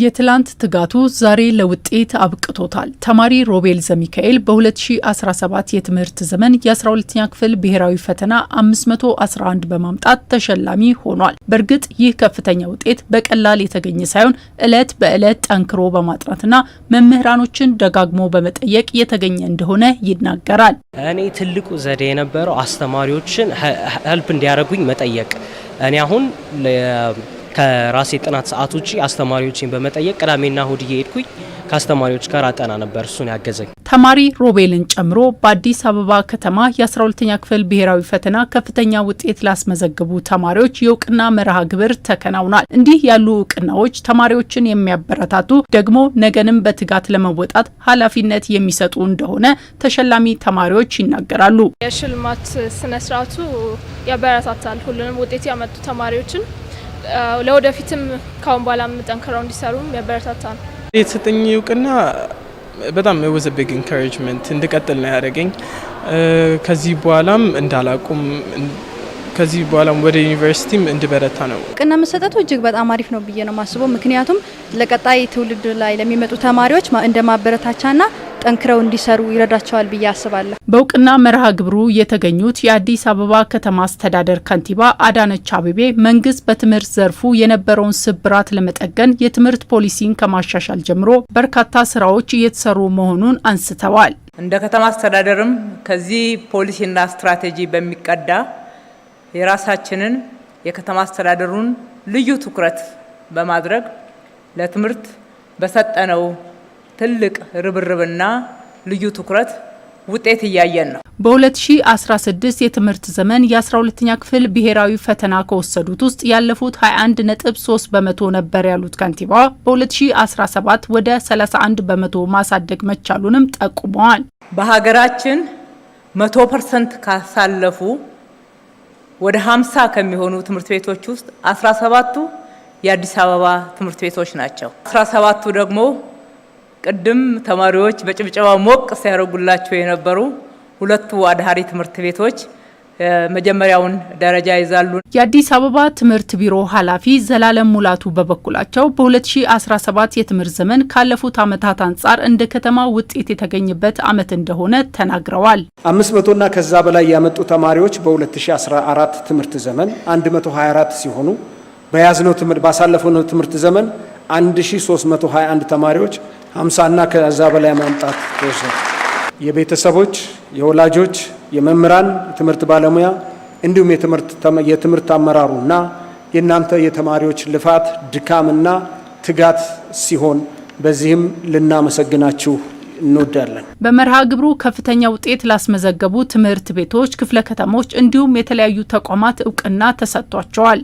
የትላንት ትጋቱ ዛሬ ለውጤት አብቅቶታል። ተማሪ ሮቤል ዘሚካኤል በ2017 የትምህርት ዘመን የ12ኛ ክፍል ብሔራዊ ፈተና 511 በማምጣት ተሸላሚ ሆኗል። በእርግጥ ይህ ከፍተኛ ውጤት በቀላል የተገኘ ሳይሆን ዕለት በዕለት ጠንክሮ በማጥናትና መምህራኖችን ደጋግሞ በመጠየቅ የተገኘ እንደሆነ ይናገራል። እኔ ትልቁ ዘዴ የነበረው አስተማሪዎችን ሄልፕ እንዲያደርጉኝ መጠየቅ እኔ አሁን ከራሴ ጥናት ሰዓት ውጪ አስተማሪዎችን በመጠየቅ ቅዳሜና እሁድ እየሄድኩኝ ከአስተማሪዎች ጋር አጠና ነበር። እሱን ያገዘኝ ተማሪ ሮቤልን ጨምሮ በአዲስ አበባ ከተማ የ12ኛ ክፍል ብሔራዊ ፈተና ከፍተኛ ውጤት ላስመዘግቡ ተማሪዎች የእውቅና መርሃ ግብር ተከናውኗል። እንዲህ ያሉ እውቅናዎች ተማሪዎችን የሚያበረታቱ ደግሞ ነገንም በትጋት ለመወጣት ኃላፊነት የሚሰጡ እንደሆነ ተሸላሚ ተማሪዎች ይናገራሉ። የሽልማት ስነስርዓቱ ያበረታታል ሁሉንም ውጤት ያመጡ ተማሪዎችን ለወደፊትም ካሁን በኋላ ጠንክረው እንዲሰሩ የሚያበረታታ ነው። የተሰጠኝ እውቅና በጣም ወዝ ቢግ ኢንካሬጅመንት እንድቀጥል ነው ያደረገኝ። ከዚህ በኋላም እንዳላቁም ከዚህ በኋላም ወደ ዩኒቨርሲቲም እንድበረታ ነው። እውቅና መሰጠቱ እጅግ በጣም አሪፍ ነው ብዬ ነው ማስበው። ምክንያቱም ለቀጣይ ትውልድ ላይ ለሚመጡ ተማሪዎች እንደ ማበረታቻና ጠንክረው እንዲሰሩ ይረዳቸዋል ብዬ አስባለሁ። በእውቅና መርሃ ግብሩ የተገኙት የአዲስ አበባ ከተማ አስተዳደር ከንቲባ አዳነች አቤቤ መንግስት በትምህርት ዘርፉ የነበረውን ስብራት ለመጠገን የትምህርት ፖሊሲን ከማሻሻል ጀምሮ በርካታ ስራዎች እየተሰሩ መሆኑን አንስተዋል። እንደ ከተማ አስተዳደርም ከዚህ ፖሊሲና ስትራቴጂ በሚቀዳ የራሳችንን የከተማ አስተዳደሩን ልዩ ትኩረት በማድረግ ለትምህርት በሰጠነው ትልቅ ርብርብና ልዩ ትኩረት ውጤት እያየን ነው። በ2016 የትምህርት ዘመን የ12ኛ ክፍል ብሔራዊ ፈተና ከወሰዱት ውስጥ ያለፉት 21 ነጥብ 3 በመቶ ነበር ያሉት ከንቲባዋ በ2017 ወደ 31 በመቶ ማሳደግ መቻሉንም ጠቁመዋል። በሀገራችን 100 ፐርሰንት ካሳለፉ ወደ 50 ከሚሆኑ ትምህርት ቤቶች ውስጥ 17ቱ የአዲስ አበባ ትምህርት ቤቶች ናቸው። 17ቱ ደግሞ ቅድም ተማሪዎች በጭብጨባ ሞቅ ሲያደርጉላቸው የነበሩ ሁለቱ አድሃሪ ትምህርት ቤቶች መጀመሪያውን ደረጃ ይዛሉ። የአዲስ አበባ ትምህርት ቢሮ ኃላፊ ዘላለም ሙላቱ በበኩላቸው በ2017 የትምህርት ዘመን ካለፉት ዓመታት አንጻር እንደ ከተማ ውጤት የተገኘበት ዓመት እንደሆነ ተናግረዋል። 500ና ከዛ በላይ ያመጡ ተማሪዎች በ2014 ትምህርት ዘመን 124 ሲሆኑ በያዝነው ባሳለፈው ትምህርት ዘመን 1321 ተማሪዎች 50 እና ከዛ በላይ ማምጣት ተወሰነ። የቤተሰቦች፣ የወላጆች፣ የመምህራን፣ የትምህርት ባለሙያ እንዲሁም የትምህርት አመራሩ እና የእናንተ የተማሪዎች ልፋት ድካምና ትጋት ሲሆን በዚህም ልናመሰግናችሁ እንወዳለን። በመርሃ ግብሩ ከፍተኛ ውጤት ላስመዘገቡ ትምህርት ቤቶች፣ ክፍለ ከተሞች እንዲሁም የተለያዩ ተቋማት እውቅና ተሰጥቷቸዋል።